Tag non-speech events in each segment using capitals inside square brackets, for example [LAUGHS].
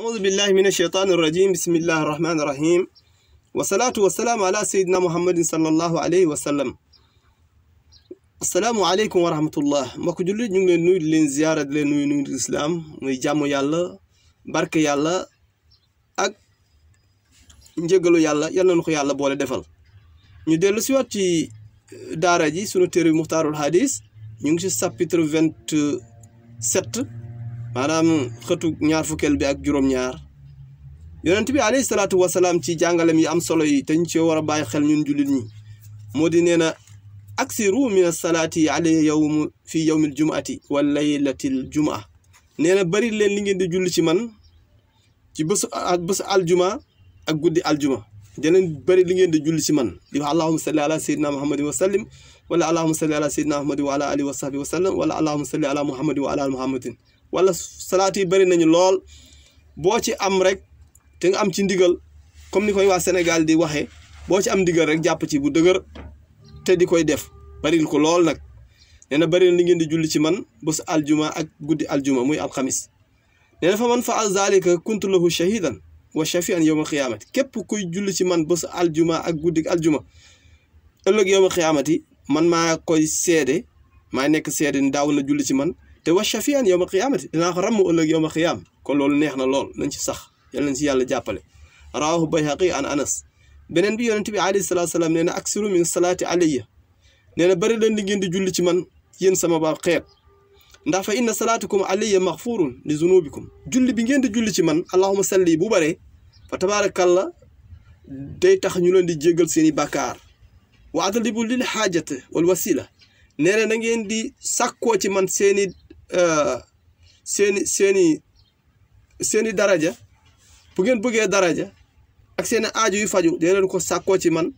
أعوذ بالله من الشيطان الرجيم بسم الله الرحمن الرحيم والصلاة والسلام على سيدنا محمد صلى الله عليه وسلم asalaamu aleykum wa rahmatullah mbokk jullit ñu ngi leen nuyu di leen ziyaara di leen nuyu nuyu lislaam muy jàmm yàlla barke yàlla ak njëgalu yàlla yal nañu ko yàlla boola defal ñu dellu si waat ci daara ji sunu téere bi muxtaarul ñu ngi si chapitre vingt maanaam xëtu ñaar fukkeel bi ak juróom-ñaar yonent bi alayhi salaatu wasalaam ci jàngalem yi am solo yi te ci war a bàyyi xel ñun jullit ñi moo di nee na aksiru min asalaati alay yowm fi yowm jumaati wa laylati jumaa nee na bëri leen li ngeen di julli ci man ci bésu ak bésu aljuma ak guddi aljuma deneen bëri li ngeen di julli ci man di wax allahuma salli ala sayidina muhammadin wa sallim wala allahuma salli ala sayidina muhammadin wa ala alihi wa sahbi wa sallam wala allahuma salli ala muhammadin wa ala muhammadin wala salaat yi bëri nañu lool boo ci am rek te nga am ci ndigal comme ni koy waa Sénégal di waxee boo ci am ndigal rek jàpp ci bu dëgër te di koy def baril ko lool nag nee na bëri na li ngeen di julli ci man bés aljuma ak guddi aljuma muy alxamis nee fa man fa al zalika kuntu lahu shahidan wa shafian xiyaamati képp kuy julli ci man bés aljuma ak guddi aljuma ëllëg yowma xiyaamati man maa koy seede maa nekk seede ni daaw na julli ci man te wa shafian yow ma qiyaamati dinaa ko ràmm ëllëg yow ma qiyaam kon loolu neex na lool nañ ci sax yal ci yàlla jàppale rawahu bayhaqi an anas beneen bi yonente bi alayhi salatu salaam nee na aksiru min salaati alayya nee na bëri leen di ngeen di julli ci man yéen sama ba xeet ndax fa inna salaatukum alayya maxfurun li zunubikum julli bi ngeen di julli ci man allahuma salli bu bare fa tabaarakalla day tax ñu leen di jéggal seen i bàkkaar wa adlibu lil xaajate wal wasila nee na na ci man seeni Euh, seeni seeni seeni daraja bu ngeen bëggee daraja ak seeni aajo yu faju dee leen ko sàkkoo ci man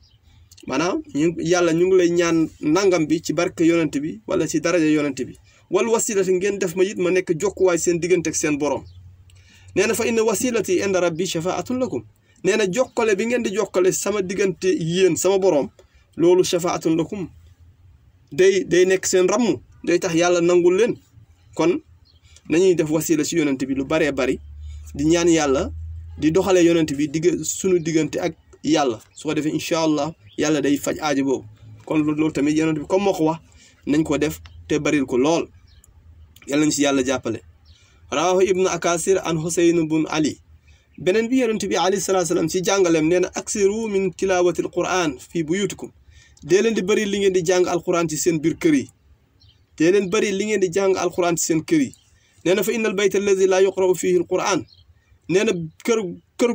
maanaam ñu yàlla ñu ngi lay ñaan nangam bi ci barke yonent bi wala ci daraja yonent bi wal wasilati ngeen def ma it ma nekk jokkuwaay seen diggante ak seen borom nee na fa inna wasilati inda bi shafaatun lakum nee na jokkale bi ngeen di jokkale sama diggante yéen sama boroom loolu shafaatun lakum day day nekk seen ramm day tax yàlla nangu leen kon nañuy def wasila ci yonent bi lu baree bari di ñaan yàlla di doxalee yonent bi digg suñu diggante ak yàlla su ko defee incha allah yàlla day faj aajo boobu kon loolu tamit yonent bi comme moo ko wax nañ ko def te baril ko lool yàlla nañ ci yàlla jàppale rawahu ibnu akasir an husayn bun ali beneen bi yonent bi alayhi salaatu salaam si jàngaleem nee na aksiru min tilawati al quran fii buyutikum dee leen di bëri li ngeen di jàng alquran ci seen biir kër yi te leen bëri li ngeen di jàng alxuraan ci seen kër yi nee na fa innal bayta allazi laa yuqra'u fihi alquran nee na kër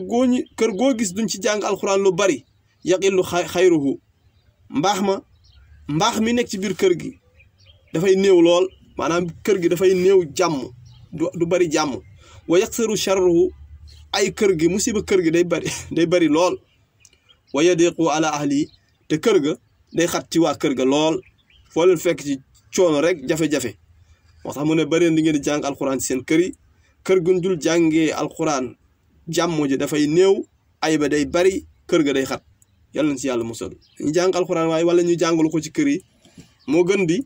goo kër goo gis duñ ci jàng alquran lu bari bëri yaqillu xayruhu mbaax ma mbaax mi nekk ci biir kër gi dafay néew lool maanaam kër gi dafay néew jàmm du bari jàmm wa yaksaru sharruhu ay kër gi musiba kër gi day bari [LAUGHS] day bëri lool wa yadiqu ala ahli te kër ga day xat ci waa kër ga lool foo leen fekk ci coono rek jafe-jafe moo tax mu ne bareen li ngeen di jàng alxuraan seen kër yi kër gun jul jàngee alxuraan jàmm ji dafay néew ay ba day bari kër ga day xat yal nañ ci yàlla musal ñu jàng alxuraan waaye wala ñu jàngalu ko ci kër yi moo gën di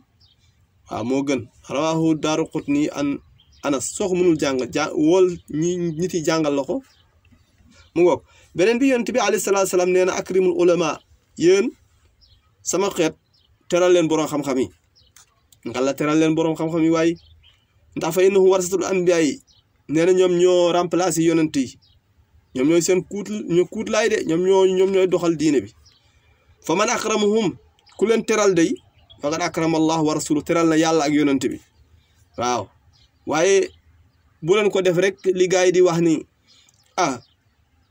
waa moo gën rawaahu daaru xut nii an anas soo ko mënul jàng ja wool ñi nit yi jàngal ko mu ngoog beneen bi yonent bi alayhi salaatu salaam nee na akrimul ulama yéen sama xeet teral leen borom xam yi nga la teral leen boroom xam-xam yi waay ndax fa innahum war anbiya yi nee na ñoom ñoo remplacer yonent yi ñoom ñooy seen kuut ñu kuut laay de ñoom ñoo ñoom ñooy doxal diine bi fa man akramuhum ku leen teral day faqad akrama allah war rasulu teral na yàlla ak yonent bi waaw waaye bu leen ko def rek liggaay yi di wax ni ah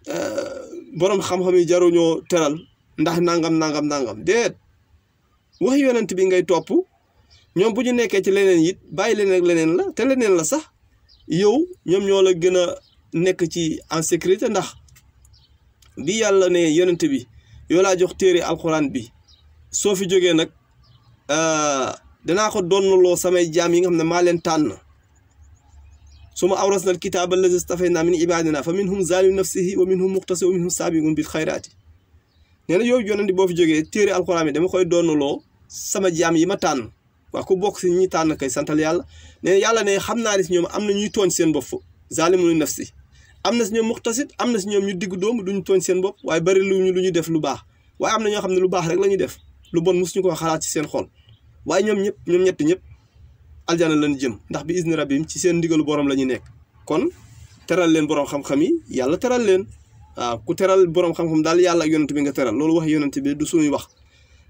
eh, boroom xam-xam yi jaruñoo teral ndax nangam nangam nangam déet wax yonent bi ngay topp ñoom bu ñu nekkee ci leneen it bàyyi leen ak leneen la te leneen la sax yow ñoom ñoo la gën a nekk ci en sécurité ndax bi yàlla ne yonent bi yow laa jox téere alxuraan bi soo fi jógee nag euh, danaa ko donnaloo samay jaam yi nga xam ne maa leen tànn suma awras nal kitaaba lazi stafaynaa min ibaadinaa fa minhum zaalimun nafsihi wa minhum muqtasid wa minhum saabiqun bil xayraati nee na yow yonent boo fi jógee téere alxuraan bi dama koy donnaloo sama jaam yi ma tànn waaw ku bokk si ñi tànn kay santal yàlla ne yàlla ne xam naa ne si ñoom am na ñuy tooñ seen bopp zaalimu nafsi am na si ñoom muxtasit am na si ñoom ñu diggu doomu duñu tooñ seen bopp waaye bari lu ñu lu ñu def lu baax waaye am na ñoo xam ne lu baax rek la ñuy def lu bon mosuñu ko xalaat ci seen xol waaye ñoom ñëpp ñoom ñett ñëpp aljana lañ jëm ndax bi izni rabbihim ci seen ndigalu borom la ñu nekk kon teral leen borom xam-xam yi yàlla teral leen waaw ku teral borom xam daal yàlla ak yonent bi nga teral loolu wax yonent bi du suñuy wax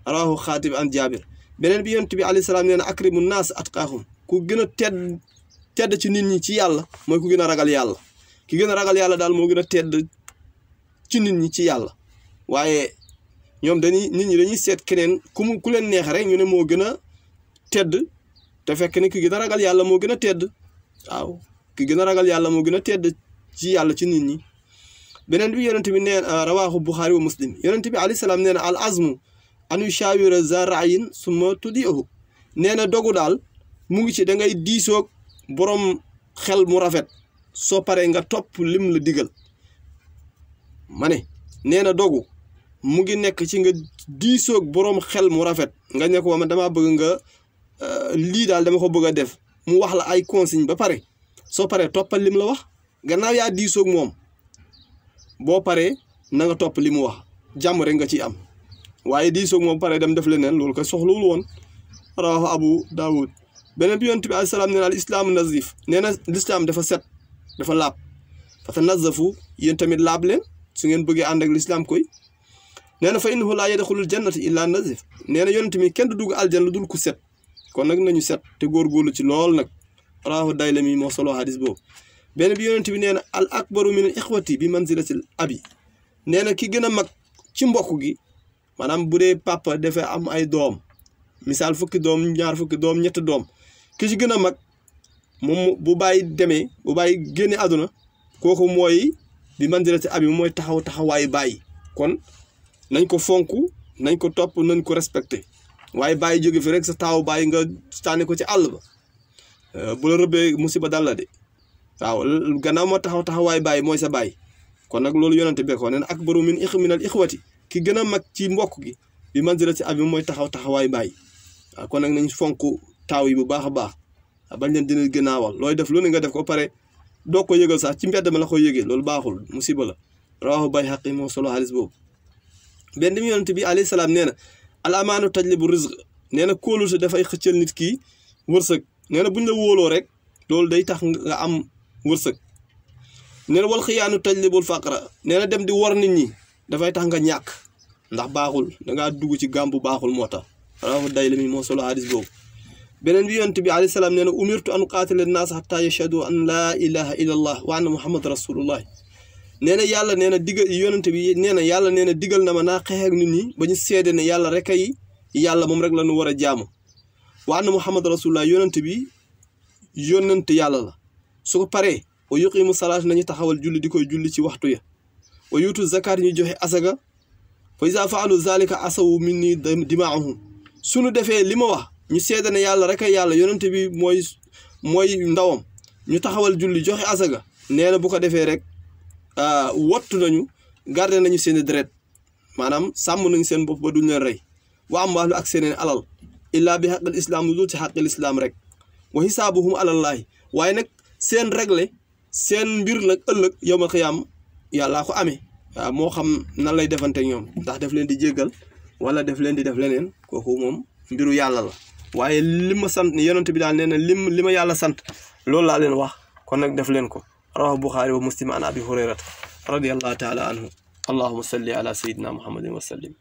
rawahu xaatib an jaabir beneen bi yonent bi alayhi salaam nee na akrimu naas atqaakum ku gën a tedd tedd ci nit ñi ci yàlla mooy ku gën a ragal yàlla ki gën a ragal yàlla daal moo gën a tedd ci nit ñi ci yàlla waaye ñoom dañuy nit ñi dañuy seet keneen ku mu ku leen neex rek ñu ne moo gën a tedd te fekk ne ki gën ragal yàlla moo gën a tedd waaw ki gën a ragal yàlla moo gën a tedd ci yàlla ci nit ñi beneen bi yonent bi nee rawaahu buxaari wa muslim yonent bi alayhi salaam nee na al azmu anu shawira za ma summa tudihu nee na dogu daal mu ngi ci da ngay diisoog boroom xel mu rafet soo paree nga topp lim la digal ma ne nee na dogu mu ngi nekk ci nga diisoog boroom xel mu rafet nga ne ma damaa bëgg nga euh, lii daal dama ko bëgg a def mu wax la ay consigne ba pare soo paree toppal lim la wax gannaaw yaa diisoog moom boo paree nanga topp li mu wax jàmm rek nga ciy am waaye diisoog moom pare dem def leneen loolu ko soxlawul woon rawahu abu daawud beneen bi yonent bi alayhi salaam nee na al islaamu nazif nee na lislaam dafa set dafa laab fata nazafu yéen tamit laab leen su ngeen bëggee ànd ak lislaam koy nee na fa innahu laa yadxulul jannata illa nazif nee na yonent mi kenn du dugg al dul ku set kon nag nañu set te góor góorgóorlu ci lool nag rawahu daylami moo solo hadis boobu benn bi yonent bi nee na al akbaru min al ixwati bi manzilatil abi nee na ki gën a mag ci mbokk gi maanaam bu dee papa defee am ay doom misaal fukki doom ñaar fukki doom ñett doom ki ci gën a mag moom bu bàyyi demee bu bàyyi génne àdduna kooku mooy bi mandirati abi mooy taxaw taxawaayu bàyyi kon nañ ko fonk nañ ko topp nañ ko respecté waaye bàyyi jóge fi rek sa taaw bàyyi nga tànne ko àll ba euh, bu la rëbbee musiba dal la de waaw gannaaw moo taxaw taxawaay bàyyi mooy sa bàyyi kon nag loolu yonante beekoo nee na akbaru min ix ki gën a mag ci mbokk gi bi manzilati abi mooy taxaw taxawaay baay waaw kon nag nañ fonk taaw yi bu baax a baax bañ leen dina gënaawal looy def lu nga def ko pare doo ko yëgal sax ci mbedd ma la koy yëgee loolu baaxul musiba la rawahu bayhaqi moo solo xaalis boobu benn mi yonent bi alayhi salaam nee na al amaanu bu rizq nee na kóolute dafay xëccal nit ki wërsëg nee buñ la wooloo rek loolu day tax nga am wërsëg nee na wal xiyaanu tajlibul faqra nee na dem di war nit ñi dafay tax nga ñàkk ndax baaxul dangaa dugg ci gàmbu baaxul moo tax rawahu Daylami moo solo hadis boobu beneen bi yonent bi alayhi salaam nee na umirtu an qaatila naas xataa yashhadu an laa ilaha illa allah wa anna muhammad rasulullah nee na yàlla nee na digal yonent bi nee na yàlla nee na digal na ma naa xeex ak nit ñi ba ñu seede ne yàlla rek ay yàlla moom rek la ñu war a jaamu wa anna muhammad rasulullah yonent bi yonent yàlla la su ko paree wa yuqimu salaat nañu taxawal julli di koy julli ci waxtu ya wa yuutu zakaat ñu joxe asaga fa isa faalu zalika asawu min ni su ñu defee li ma wax ñu seede ne yàlla rek yàlla yonente bi mooy mooy ndawam ñu taxawal julli joxe asaga nee na bu ko defee rek ah, wattu nañu garde nañu seen i deret maanaam sàmm nañ seen bopp ba duñ leen rey wa am ak seeneen alal illaa bi xaqal islaam lu dul ci xaqal islaam rek wa xisaabuhum alallaahi waaye nag seen réglé seen mbir nag ëllëg yowmal xiyaam yàllaa ko amee moo xam nan lay defante ñoom ndax def leen di jéggal wala def leen di def leneen kooku moom mbiru yàlla la waaye li ma sant yonent bi daal nee na lim li ma yàlla sant loolu laa leen wax kon nag def leen ko rawahu buxaari wa muslim an abi hurayrata radiallahu taala anhu allahuma salli ala sayidina muhammadin wa sallim